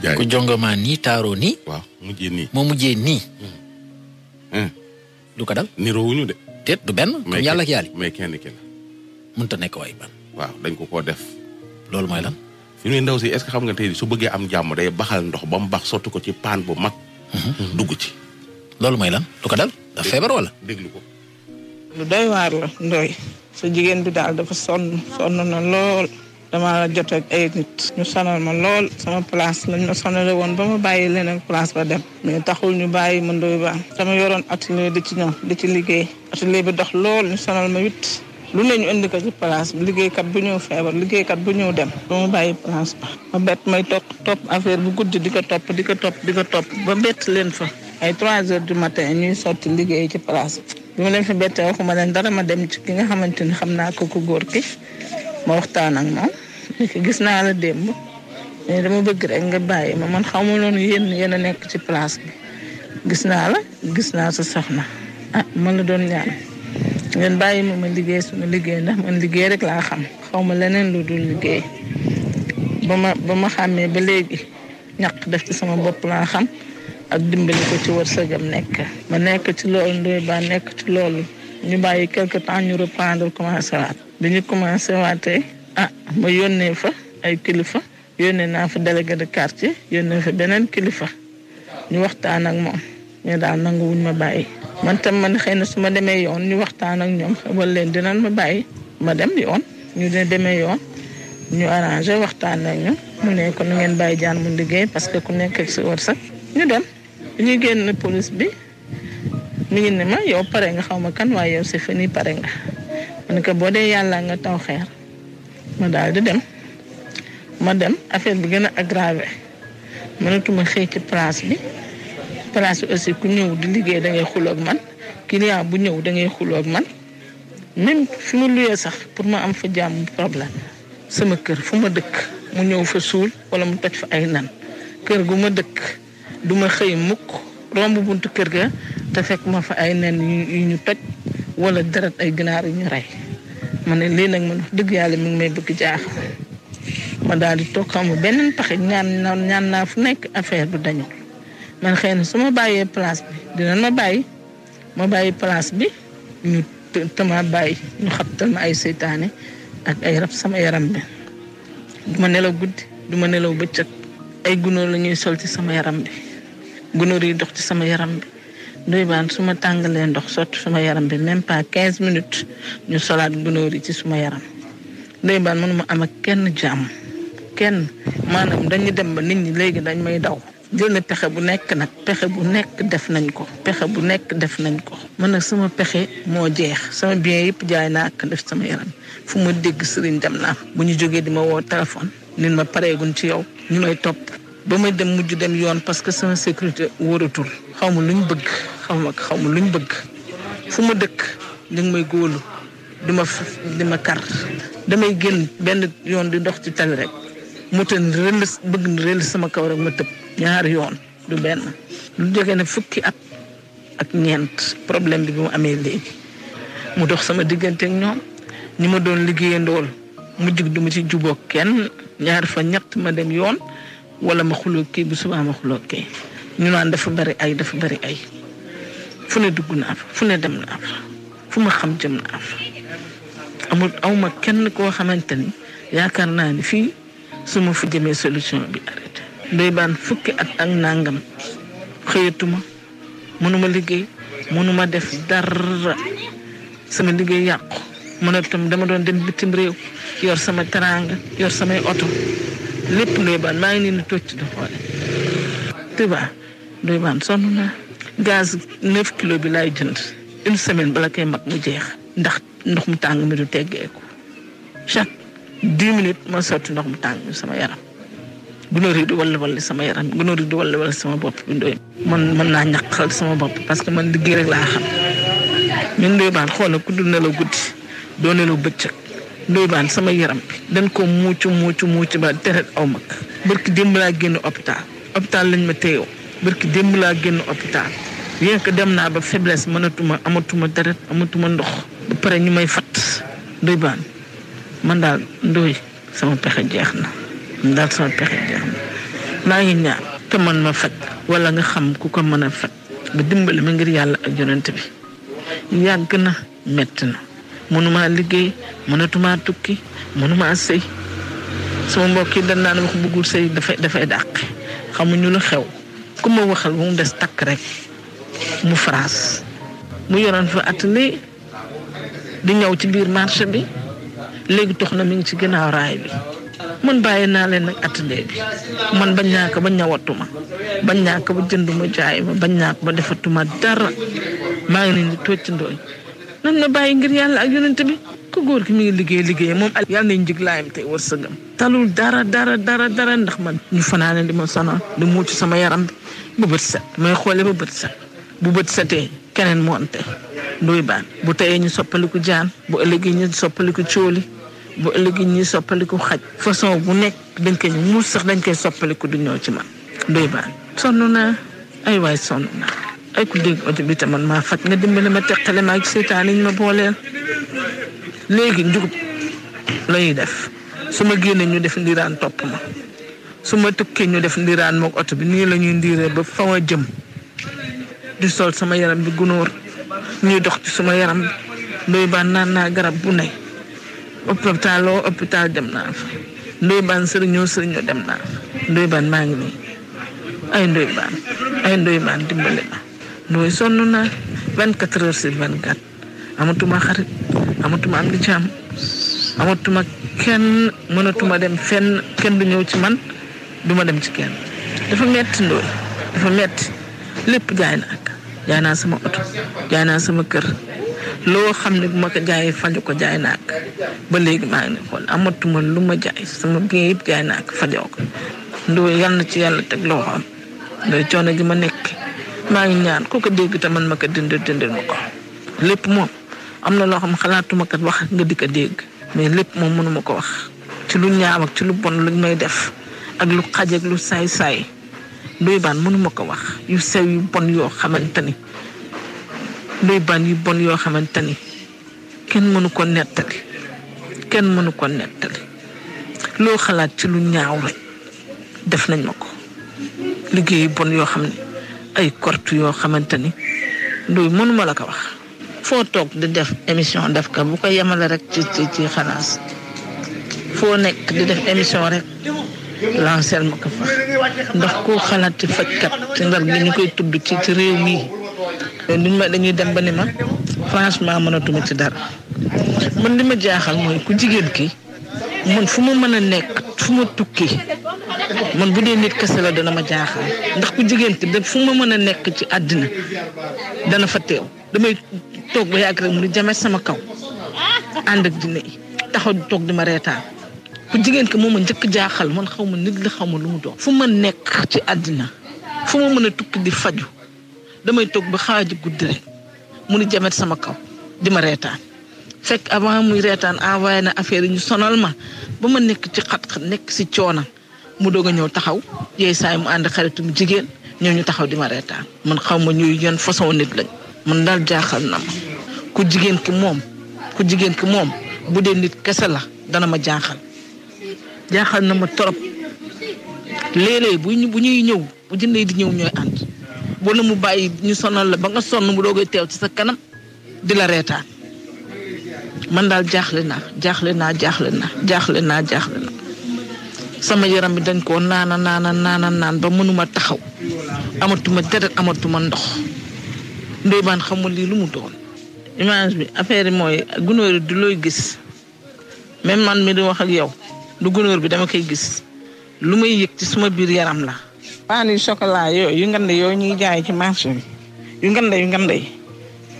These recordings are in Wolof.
Ya, ya. ko jongamaa nii taaroo nii. waaw mujjee nii moo mujjee nii. Hmm. Hmm. lu ko dal. niroowuñu de. tet du ben ko yalla ak yali mais kenn ki la. ta nek way ban. wa dañ ko ko def. loolu moy lan. fi mu ndaw ci est-ce xam nga tay su bëgge am jamm day baxal ndox ba mu bax sotu ko ci pan bu mag. Mhm. dugg ci. loolu moy lan lu kadal? dal. dafa feebar wala deglu ko. lu doy war la ndoy su jigen bi daal dafa son son na lool. dama jot ak ay ñu sonal ma lool sama place lañ ma sonale woon ba ma bàyyi leneen place ba dem mais taxul ñu bàyyi ma Ndoye Bane dama yoroon atelier di ci ñëw di ci liggéey atelier bi dox lool ñu ma lu ne ñu indi ko ci place bi bu ñëw feebar liggéeykat bu ñëw dem ba ma bàyyi place ba ma bett may topp topp bu guddi di ko topp di ko topp di ko topp ba bett leen fa ay trois heures du matin ñuy sotti liggéey ci place bi bi ma leen fi bettee waxuma leen dara ma dem ki nga xamante ni xam naa ko ku góor ki ma waxtaan moom niki gis naa la démb ne dama bëgg rek nga bàyyi ma man xamul noonu yéen yéen a nekk ci place bi gis naa la gis naa sa soxna ah ma la doon ñaan ngeen bàyyi ma ma liggéey suma liggéey ndax man liggéey rek laa xam xawma leneen lu dul liggéey ba ma ba ma xàmmee ba léegi ñaq def ci sama bopp laa xam ak dimbali ko ci wërsëgam nekk ma nekk ci loolu ndoy ba nekk ci loolu ñu bàyyi quelque temps ñu reprendre commencé waat bi ñu commencé waatee ah ma yónnee fa ay kilifa yónnee naa fa délégué de quartier yónnee fa beneen kilifa ñu waxtaan ak moom mais daal nanguwuñ ma bàyyi. man tam man xëy na su ma demee yoon ñu waxtaan ak ñoom wala leen dinañ ma bàyyi ma dem yoon ñu ne demee yoon ñu arrangé waxtaan ak ñu mu ne ko nu ngeen bàyyi jaan mu liggéey parce que ku nekk ak sa wërsëg ñu dem ñu génn police bi mu ngi ne ma yow pare nga xaw ma kan waaye yow si fan yii pare nga man que boo dee yàlla nga taw xeer. ma daal di dem ma dem affaire bi gën a aggravé mënatuma xëy ci place bi place bi aussi ku ñëw di liggéey da ngay xuloog man client bu ñëw da ngay xuloog man même fi ma luyee sax pour ma am fa jàmm problème sama kër fu ma dëkk mu ñëw fa suul wala mu toj fa ay nan kër gu ma dëkk duma xëy mukk romb buntu kër ga te fekk ma fa ay nen yu ñu toj wala deret ay ginaar yu ñu rey mané li nak man dëgg yalla mi ngi may bëgg jaax ma daal di tok xamu benen taxé ñaan ñaan na fu nekk affaire bu dañu man xéena suma bayé place bi dina ma ma place bi ñu tama bàyyi ñu xattal ma ay sétané ak ay rab sama yaram bi duma nelaw gudd duma nelaw bëccëg ay gunoor lañuy sol ci sama yaram bi gunoor yi dox ci sama yaram bi ndoy baan su ma tàngalee ndox sotti suma yaram bi même pas quinze minutes ñu solaat gunóor yi ci suma yaram ndoy baan mënuma am ak kenn jàmm kenn maanaam dañu dem ba nit ñi léegi dañ may daw jël na pexe bu nekk nag pexe bu nekk def nañ ko pexe bu nekk def nañ ko man nag sama pexe moo jeex sama bien yëpp jaay naa ak def sama yaram fu ma dégg sëriñ dem naa bu ñu jógee di ma woo téléphone nit ma pareeguñ ci yow ñu may topp ba ma dem mujj dem yoon parce que sama sécurité wóoratul xaw ma lu ñu bëgg xaw ma xaw ma luñ bëgg fu ma dëkk ñu ngi may góolu dima dima kar damay génn benn yoon di dox ci tal rek mutan rëll bëgg rëll sama kaw rek ma tëb ñaari yoon du benn lu jóge ne fukki at ak ñeent problème bi bi mu amee léegi mu dox sama diggante ak ñoom ñi ma doon liggéeyandool mujj du ma ci juboo kenn ñaar fa ñett ma dem yoon wala ma xuloo kii bu subaa ma xuloo kii ñu naan dafa bari ay dafa bari ay fu ne dugg naa fa fu ne dem naa fa fu ma xam jëm naa fa amul awma kenn koo xamante ni yaakaar naa ni fii su ma fa jëmee solution bi arrêté. day baan fukki at ak nangam xëyatuma mënuma liggéey mënuma def dara sama liggéey yàqu mën a tam dama doon dem bitim réew yor sama teraanga yor samay oto lépp doy baan maa ngi leen di di xoole. te ba doy baan sonn gaz neuf kilo bi laay jënd une semaine bala koy mag mu jeex ndax ndox mu tàng mi du teggeeku chaque dix minutes ma sotti ndox mu tàng mi sama yaram gunóor yi di walla walli sama yaram gunóor yi di walla walli sama bopp bi ndoy man mën naa ñaqal sama bopp parce que man liggéey rek laa xam ñun ndoy baan xoolal ku dul nelaw guddi doo nelaw bëccëg ndoy baan sama yaram bi mu ko muucu muucu muucu ba deret aw mag barki démb laa génn hôpital hôpital lañ ma téyoo barki dem la genn hôpital rien que dem naa ba faiblesse mënatuma amatuma deret amatuma ndox ba pare ñu may fat doy baan man daal ndoy sama pexe jeex na sama pexe jeex na ngi ñaan te man ma fat wala nga xam ku ko mën a fat ba dimbali ma ngir yàlla ak yonent bi yàgg na metti na mënuma liggéey mënatuma tukki mënuma sëy sama mbokk yi dañ naan wax bëggul sëy dafay dafay dàq xamuñu lu xew ku ma waxal mu des takk rek mu France mu yoroon fa atelier di ñëw ci biir marché bi léegi tox na mi ngi ci ginnaaw raay bi man bàyyi naa leen nag atelier man bañ naa ko ba ñawatuma bañ naa ba jënduma jaay ma bañ naa ko ba defatuma dara maa ngi leen di ndooy nan ma bàyyi ngir yàlla ak yonent bi góor ki mi ngi liggéey liggéey moom al yàlla nañ jig laayam tey wërsëgam talul dara dara dara dara ndax man ñu fanaane di ma sonal di mucc sama yaram bi ba bët set may xoole ba bët set bu bët setee keneen moonte bu teyee ñu soppaliku jaan bu ëllëgee ñu soppaliku ñu soppaliku xaj façon bu nekk dañ koy muus sax dañ koy soppaliku du ñëw ci man nduy baan sonn naa ay waay sonn naa ay ku dégg man maa faj nga dimbali ma teqale ma ak seytaan ma booleel léegi njugub la def su ma génnee ñu def ndiraan topp ma su ma tukkee ñu def ndiraan moog oto bi nii la ñuy ndiiree ba fa jëm di sol sama yaram bi gunóor ñuy dox ci suma yaram bi ndoy baan naan naa garab bu ne hôpital loo hôpital dem naa fa ndoy baan sëriñoo sëriñoo dem naa fa ndoy baan maa ngi nii ay ndoy baan ay ndoy baan dimbale ma ndoy sonn naa vingt quatre heures sur vingt quatre amatuma xarit amatuma am di ci am kenn mënatuma dem fenn kenn du ñëw ci man duma dem ci kenn dafa metti ndooy dafa metti lépp jaay na ak jaay naa sama oto jaay naa sama kër loo xam ne bu ma ko jaayee faju ko jaay naa ak ba léegi maa ngi ne xool lu ma jaay sama bien yëpp jaay ak fajoo ko ndooy ci yàlla teg loo coono gi ma nekk maa ngi ñaan ku ko dégg te man ma ko dindal dindal ma moom am na loo xam xalaatuma kat wax nga di ko dégg mais lépp moom mënuma ko wax ci lu ñaaw ak ci lu bon luñ may def ak lu xaj ak lu saay-saay doy baan mënuma ko wax yu sew yu bon yoo xamante ni doy yu bon yoo xamante ni kenn mënu ko nettali kenn mënu ko loo xalaat ci lu ñaaw rek def nañ ma ko liggéey yu bon yoo xam ne ay kort yoo xamante ni doy mënuma la ko wax foo toog di def émission def ka bu ko yemale rek ci ci ci xalaas foo nekk di def émission rek lancel ma fa ndax koo xalaat ci fajkat ci ndar gi ñu koy tudd ci ci réew mi duñ ma dañuy dem ba ni ma franchement mënatuma ci dara man li ma jaaxal mooy ku jigéen ki mun fu ma mën a nekk fu ma tukki man bu dee nit kese la dana ma jaaxal ndax ku jigéen ki fu ma mën a nekk ci àddina dana fa teew damay toog ba yàgg rek mu di jame sama kaw ànd dina taxaw di ma reetaan ku jigéen ki moo ma njëkk jaaxal man xaw ma nit la xaw ma lu mu doon. fu ma nekk ci àddina fu ma mën a tukki di faju damay toog ba xaaji guddi rek mu di jamet sama kaw di ma reetaan fekk avant muy reetaan envoyé na affaire yi ñu sonal ma ba ma nekk ci xat-xat nekk si coonam mu doog a ñëw taxaw yooyu saay mu ànd xaritum jigéen ñëw ñu taxaw di ma reetaan man xaw ma ñuy yan façon nit lañ man daal jaaxal na ku jigéen ki moom ku jigéen ki moom bu dee nit kese la dana jaaxal jaaxal na ma trop léeg-léeg bu ñu bu ñuy ñëw bu jëndee di ñëw ñooy ànd wala mu bàyyi ñu sonal la ba nga sonn mu doogay teew ci sa kanam di la man daal jaaxle na jaaxle naa jaaxle na jaaxle naa jaaxle sama yaram bi dañ koo naana naana naana naan ba mënuma taxaw amatuma deret amatuma ndox Ndoye Bane xamul lii lu mu doon. image bi affaire yi mooy gunóor yi du looy gis même man mi di wax ak yow du gunóor bi dama koy gis lu may yëg ci suma biir yaram la. paan yu chocolat yooyu yu ngande yooyu ñuy jaay ci marché bi yu ngande yu ngande yi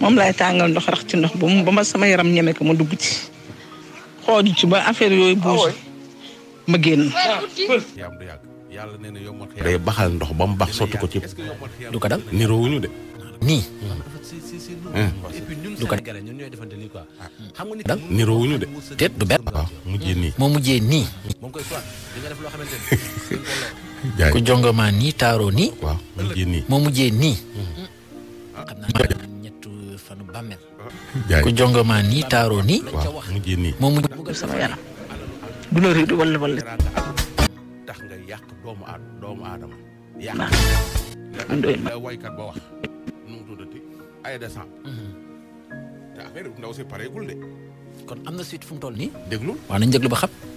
moom laay tàngal ndox rax ci ndox ba mu ba sama yaram ñene ko ma dugg ci xooj ci ba affaire yooyu buusu. ma génn day baxal ndox ba mu bax sotti ko ci du ko dal niroowuñu de nii du ko dal niroowuñu de teet du benn waaw mujjee nii moo mujjee nii ku jongamaa nii taaroo nii waaw mujjee nii moo mujjee nii xam hmm. ñettu fanu bàmmel ku jongamaa nii taaroo nii waaw mujjee nii moo mujjee sama yaram du la réer wala wala. tax nga yàq doomu aadama doomu aadama yàq. la waykat ba wax nu mu tuddati ay descent. Mhm. ndaw si pareegul de. kon am na suite fu mu toll nii. déglu waaw nañ déglu ba xam.